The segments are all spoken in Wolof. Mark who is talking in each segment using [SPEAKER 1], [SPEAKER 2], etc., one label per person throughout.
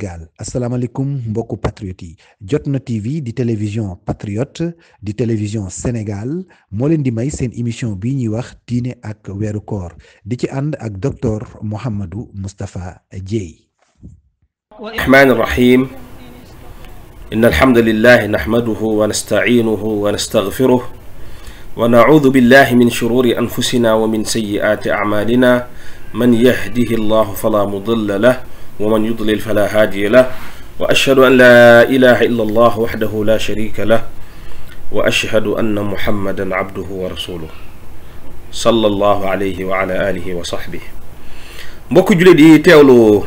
[SPEAKER 1] gaal asalaamaaleykum mbokku patriote yi Jotna TV di télévision patriote di télévision Sénégal moo leen di may seen émission bii ñuy wax diine ak weeru koor di ci ànd ak docteur Mouhamadou Moustapha Dieye rahmaan rahim inna alhamdulilah nahmaduhu wa nastaciinuhu wa nastagfiruh wa nacuudu billahi min shururi anfusina wa min sayiaati acmaalina man yahdihi allahu fala mudilla lah ومن يضلل فلا هادي له وأشهد yi teewlu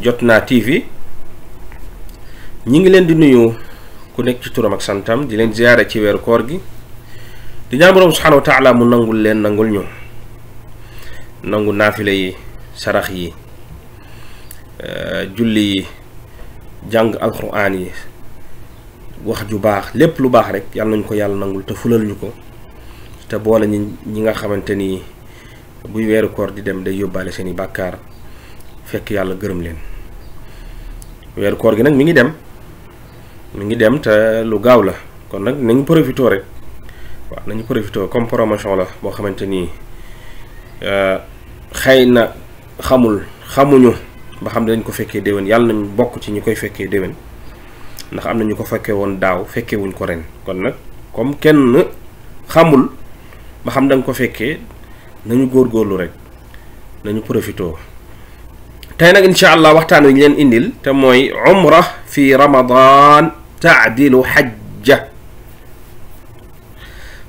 [SPEAKER 1] Jotna TV ngi leen di nuyu ku nekk ci turam ak santam di leen ziyaare ci weeru koor gi di ñaan boroom mu nangul leen nangul ñu nangu naafile yi sarax yi Euh, julli jang alquran yi wax ju bax lepp lu bax rek yalla nagn ko yalla nangul te fulal ñuko te bo la ñi nga xamanteni buy koor di dem day yobale seeni bakar, fekk yalla gërem leen wéru koor gi nak mi ngi dem mi ngi dem te lu gaaw la kon nak nañu profito rek wa nañu profito comme promotion la bo xamanteni euh xeyna xamul xamuñu ba xam dañ ko fekkee déwén yàlla nañ bokk ci ñi koy fekkee déwén ndax am na ñu ko fekkee woon daaw fekkee wuñ ko ren kon nag comme kenn xamul ba xam da ko fekkee nañu góor góorlu rek nañu profitoo tey nag incha allah waxtaan wi ñu leen indil te mooy umra fi ramadan taadilu xajja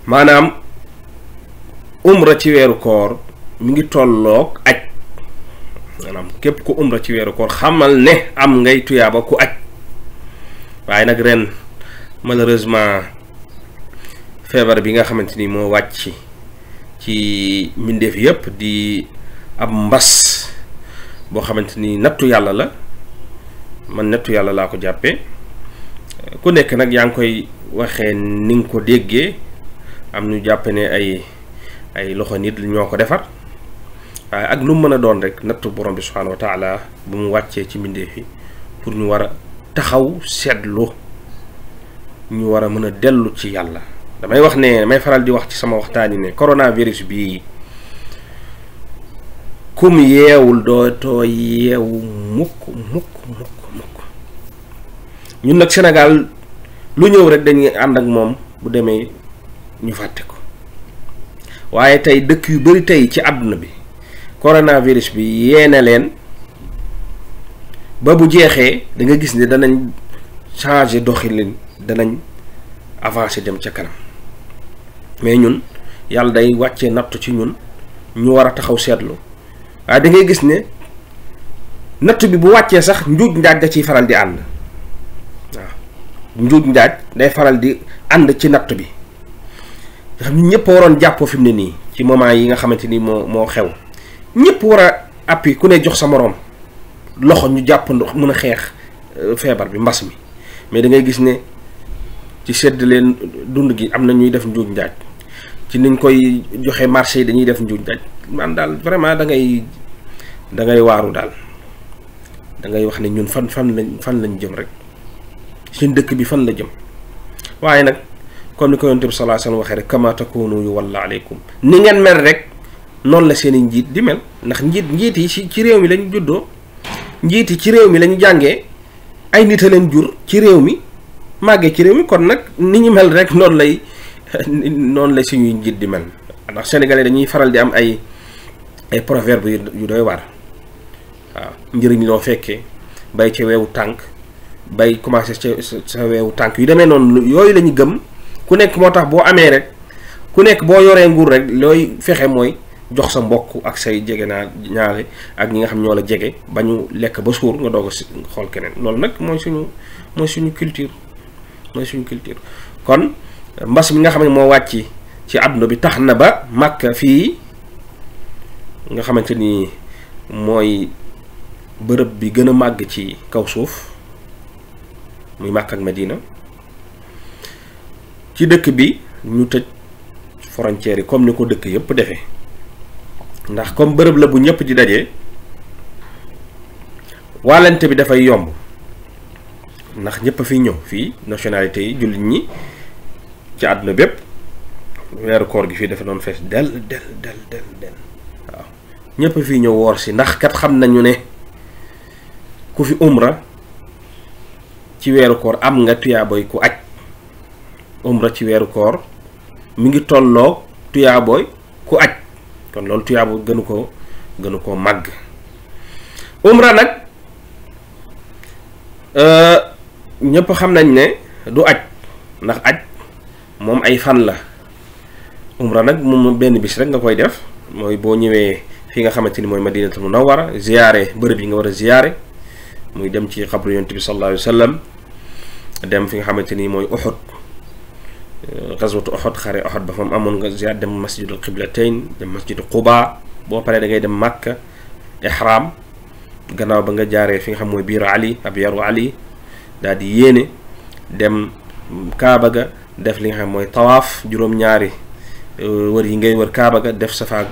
[SPEAKER 1] maanaam umra ci weeru koor mu ngi tolloog aj salaam képp ku umra ci weeru koor xamal ne am ngay tuyaaba ku aj waaye nag ren malheureusement feebar bi nga xamante ni moo wàcc ci mbindeef yépp di ab mbas boo xamante ni nattu yàlla la man nattu yàlla laa ko jàppee ku nekk nag yaa ngi koy waxee ni nga ko déggee am ñu jàppe ne ay ay loxo nit ñoo ko defar waaye ak lu mën a doon rek nattu borom bi subhaanahu bu mu wàccee ci mbindeef yi pour ñu war a taxaw seetlu ñu war a mën a dellu ci yàlla damay wax ne damay faral di wax ci sama waxtaan yi ne coronavirus bii kum yeewul dootoo yeewu mukk mukk mukk ñun nag senegal lu ñëw rek dañuy ànd ak moom bu demee ñu fàtte ko waaye tey dëkk yu bari tey ci àdduna bi coronavirus bi yee leen ba bu jeexee da gis ne danañ changer doxalin danañ avancer dem ca kanam mais ñun yàlla day wàcce nattu ci ñun ñu war a taxaw seetlu waaye da gis ne nattu bi bu wàccee sax njuuj njaaj da ciy faral di ànd waaw njuuj njaaj day faral di ànd ci nattu bi nga xam ñun ñëpp waroon jàppoo fi mu ne nii ci moment yi nga xamante ni moo moo xew. ñëpp war a appui ku ne jox sa moroom loxo ñu jàpp ndox mën a xeex euh, feebar bi mbas mi mais dangay gis ne ci sedd leen dund gi am na ñuy def njuuj njaaj ci niñ koy joxe marché yi dañuy def njuuj njaaj man daal vraiment da ngay da waaru daal da ngay wax ne ñun fan fan lañ fan lañ jëm rek seen dëkk bi fan la jëm waaye nag comme ni ko yonent bi sallallahu alayhi waxee rek kama takunu yu walla aleykum ni ngeen mel rek noonu la seeni njiit di mel ndax njiit njiit yi ci ci réew mi lañu juddoo njiit yi ci réew mi lañu jàngee ay nit a leen jur ci réew mi màggee ci réew mi kon nag ni ñu mel rek noonu lay noonu la suñuy njiit di mel ndax sénégalais dañuy faral di am ay ay proverbe yu doy war waaw njëriñ loo fekkee bay ca wewu tànk bay commencé ca wewu weewu tànk yu demee noonu yooyu la gëm ku nekk moo tax boo amee rek ku nekk boo yoree nguur rek looy fexe mooy. jox sa mbokk ak say jege naa ñaare ak ñi nga xam ñoo la jege ba ñu lekk ba suur nga doog a xool keneen loolu nag mooy suñu mooy suñu culture mooy suñu culture kon mbas mi nga xam ne moo wàcc ci àdduna bi tax na ba màkk fii nga xamante ni mooy bërëb bi gën a màgg ci kaw suuf muy màkk ak Medina ci dëkk bi ñu tëj frontières yi comme ni ko dëkk yëpp defee ndax comme bërëb la bu ñëpp di daje waalante bi dafay yomb ndax ñépp a fi ñëw fii nationalité yi jullit ñi ci àdduna bépp weeru koor gi fii dafa doon fees del del del del waaw ñëpp a fi ñëw woor si ndax kat xam nañu ne ku fi umra ci weeru koor am nga tuyaaboy ku aj umra ci weeru koor mu ngi tolloo tuyaaboy ku aj kon loolu tuyaabu gënu koo gënu koo màgg umra nag euh, ñëpp xam nañ ne du aj ndax aj moom ay fan la umra nag moom benn bis rek nga koy def mooy boo ñëwee fi nga xamante ni mooy mu war a ziyaare bërëb yi nga war a ziyaare muy dem ci xabru yonent bi sallallahu alayhi dem fi nga xamante ni mooy Uhud xaswatu oxod xare oxod ba fa mu amoon nga ziar dem masjidul qiblatayn dem masjidu quba boo paree dangay dem màkka ihram gannaaw ba nga jaaree fi nga xam mooy biir ali ab yaru ali daal di yéene dem kaaba ga def li nga xam mooy tawaaf juróom-ñaari euh, wër yi ngay wër kaaba ga def safaak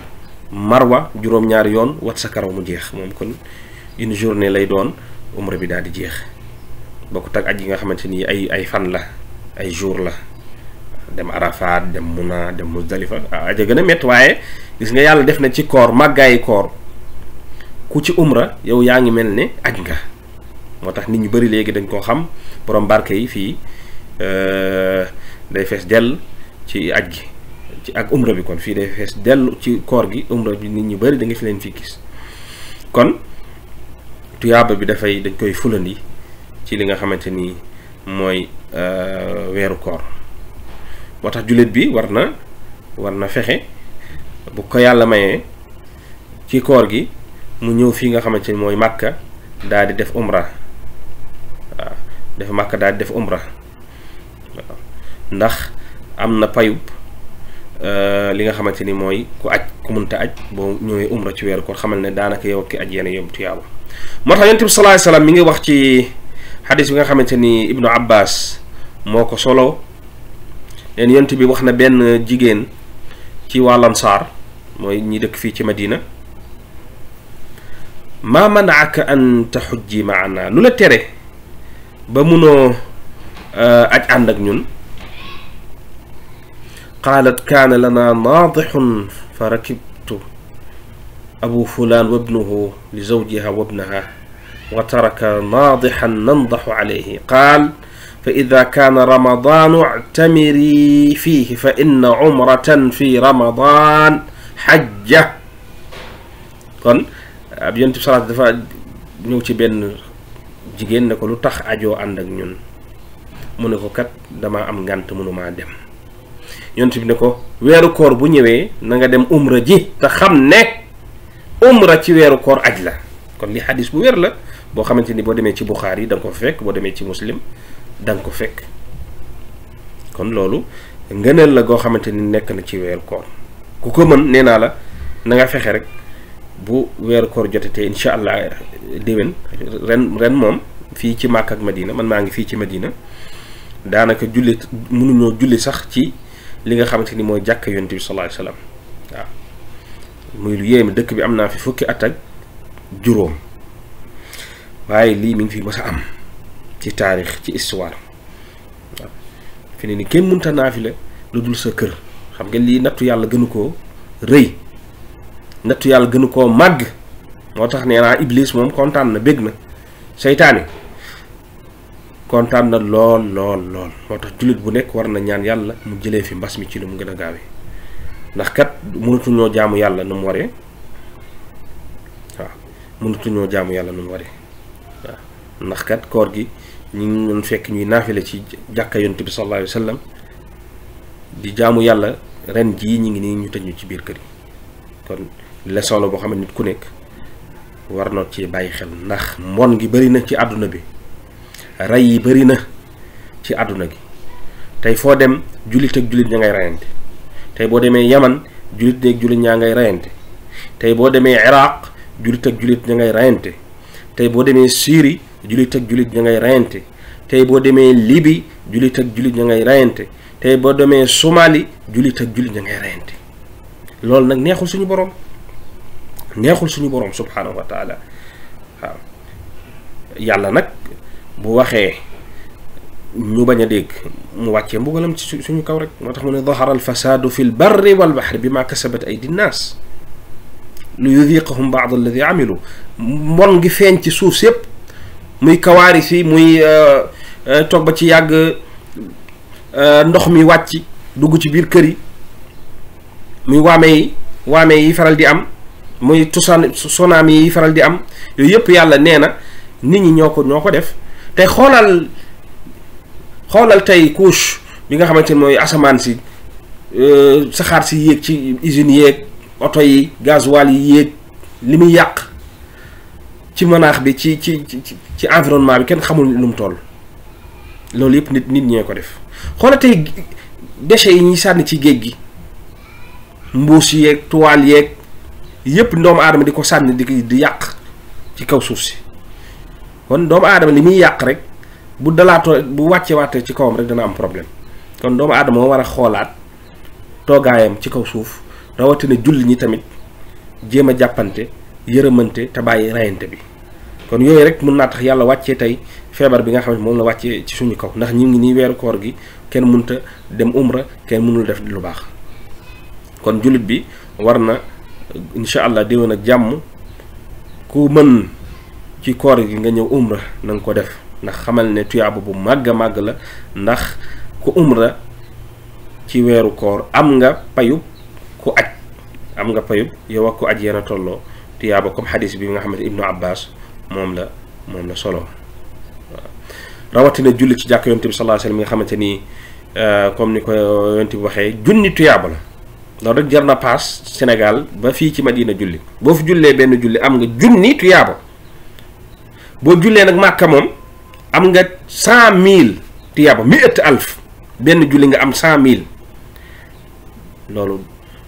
[SPEAKER 1] marwa juróom-ñaari yoon wat sa karaw mu jeex moom kon une journée lay doon umra bi daal di jeex bokkut ak aj yi nga xamante ni ay ay fan la ay jour la dem arafat dem muna dem muzdalifa aja ah, ah, gëna met waye gis nga yalla def na ci koor magay koor ku ci umra yow yaangi melni ne aj nga moo nit ñu bari legi dañ ko xam borom barke yi euh day fess del ci aj gi ci ak umra bi kon fi day fess del ci koor gi umra bi nit ñu bari da nga fi leen fi gis kon tuyaba bi fay dañ koy fulandi ci li nga xamanteni moy euh wéru koor moo tax jullit bi war na war na fexe bu ko yàlla mayee ci koor gi mu ñëw fii nga xamante ni mooy màkka daal di def umra waaw def màkka daal di def umra ndax am na payub euh, li nga xamante ni mooy ku aj ku munta aj boo ñëwee umra ci weeru koor xamal ne daanaka yow ak ki aj yenn yom tuyaaba moo tax yonent bi salaay salaam mi ngi wax ci xadis bi nga xamante ni ibnu abbas moo ko solo leen yonent bi wax na benn jigéen ci waa lansaar mooy ñi dëkk fii ci madina maa manaaka an taxujji maana lu la tere ba munoo aj ànd ak ñun qaalat kaana lana naadixun fa rakibtu abu fulaan wabnuhu li zawjiha wabnaha wa taraka naadixan nandaxu alayhi qaal فإذا كان رمضان اعتمري فيه فإن عمرة في رمضان حجة كون أبيون تبصر دفا نوتي بين جيجين نكو لطخ أجو عندك نيون منكو كات دما أم غانت منو ما دم نيون تبين نكو ويرو كور بنيوي نغا دم عمر جي تخم نك عمر تي ويرو كور أجلا كون لي حديث بوير لك بو خامتيني بو ديمي تي بخاري دانكو فيك بو ديمي تي مسلم da nga ko fekk kon loolu ngëneel la goo xamante ni nekk na ci weeru koor ku ko mën nee naa la na nga fexe rek bu weeru koor jotee te incha allah déwén ren ren moom fii ci Màkka ak Madina man maa ngi fii ci Madina daanaka julli mënuñoo julli sax ci li nga xamante ni mooy jàkk yonent bi sallallahu waaw muy lu yéeme dëkk bi am naa fi fukki at ak juróom waaye lii mi ngi fi mës a am. ci tarikh ci histoire fini ni kenn munta nafile lu sa keur xam nga li nattu yalla gënu ko reuy nattu yalla gënu ko mag motax neena iblis moom kontaan na bég na seytaane na lol lol lol motax julit bu nek war na ñaan yalla mu jëlé fi mbas mi ci lu mu gëna gaawé ndax kat ñoo jaamu yalla nu mu wa waaw ñoo jaamu yalla nu mu wa ndax kat koor gi ñi ñu fekk ñuy nafilé ci jakka yoonte bi sallallahu alayhi wasallam di jaamu yalla ren ji ñi ngi ni ñu ci biir kër yi kon le solo bo xam nit ku nek war na ci bàyyi xel ndax mon gi bari na ci aduna bi ray yi bari na ci aduna gi tay fo dem julit ak julit ngay rayante tay bo yaman julit ak julit ñaa ngay rayante tay bo demee iraq julit ak julit ña ngay rayante tay bo demee syrie julit ak julit ña ngay reyante tey boo demee libi julit ak julit ña ngay reyante tey boo demee somali julit ak julit ña ngay reyante loolu nag neexul suñu borom neexul suñu borom subhanahu wa taala waaw yàlla nak bu waxé ñu baña dégg mu waccé mbugalam ci suñu kaw rek moo tax mu ne dahara alfasadu fi wal bahr bima kasabat aydi nnas li yudiqahum baad alladi amilu mbon ngi feeñ ci suuf sépp muy kawaaris yi muy euh, euh, toog ba ci yàgg euh, ndox mi wàcc dugg ci biir kër yi muy waame yi waame yi faral di am muy tusaan tsunami yi faral di am yooyu yëpp yàlla nee na nit ñi ñoo ko ñoo ko def te xoolal xoolal tey couche bi nga xamante ni mooy asamaan si saxaar si yéeg ci usines yéeg oto yi gasoil yi yéeg li muy yàq ci manaax bi ci ci ci environnement bi kenn xamul lu mu loolu yëpp nit nit ñee ko def xoola tey déchets yi ñuy sànni ci géej gi mbuus yeeg toile yeeg yëpp doomu aadama di ko sànni di di yàq ci kaw suuf si kon doomu aadama li muy yàq rek bu dalaato bu wàcce wàtte ci kawam rek dana am problème kon doomu aadama moo war a xoolaat toogaayam ci kaw suuf rawatina julli ñi tamit jéem a jàppante yërëmante te bàyyi rayante bi kon yoy rek mën na tax yalla wacce tay febar bi nga xamne mom la wacce ci suñu kaw ndax ngi koor gi mënta dem umra kenn mënul def lu baax kon julit bi warna na allah déwén ak jàmm ku mën ci koor gi nga ñew umra nang ko def ndax xamal ne tuyaabu bu magga a la ndax ku umra ci wëru koor am nga payu ku aj am nga payu yow ko ku aj tiyaaba comme xadis bi Muhammad ibnu Abbas moom la moom la solo waaw rawatina julli ci jàkk yonte bi sallallahu alayhi wasallam nga xamante ni comme ni ko yonte bi waxee junni tuyaaba la loolu rek jar na paas Sénégal ba fii ci Madina julli boo fi jullee benn julli am nga junni tuyaaba boo jullee nag Màkka moom am nga cent mille tuyaaba mi ëtt alf benn julli nga am cent mille loolu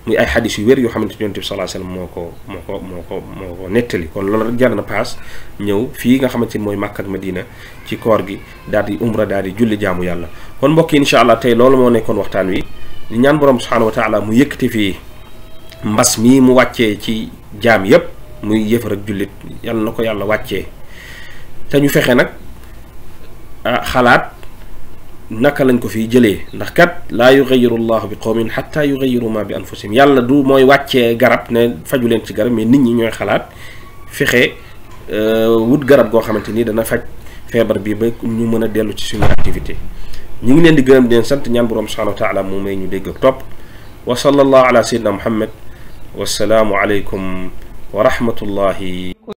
[SPEAKER 1] muy ay hadith yu wer yo xamanteni ni sallallahu alayhi wasallam moko moko moko moko netali kon lolu jar na pass ñew fi nga xamanteni moy makkah medina Madina ci koor gi daal di umra daal di julli jaamu yalla kon mbokk inshallah tay lolu mo nekkon waxtan wi ni ñaan borom subhanahu wa taala mu yekati fi mbass mi mu wacce ci jaam yeb muy yëfar ak julit yalla nako yalla wacce wàccee te ñu fexe ah, xalaat naka lañ ko fi jele ndax kat la yughayyiru allah bi qawmin xatta yugayiru ma bi anfusihim yàlla du moy wacce garab ne faju len ci garab mais nit ñi ñoy xalaat fexe euh wut garab go xamanteni dana faj feebar bi ba ñu mëna a dellu ci suñu activité ñi ngi leen di gëreem den sant ñaan borom subhanahu wa taala mu may ñu dégg top wa sallallahu ala sayyidina muhammad wa assalamu alaykum wa rahmatullahi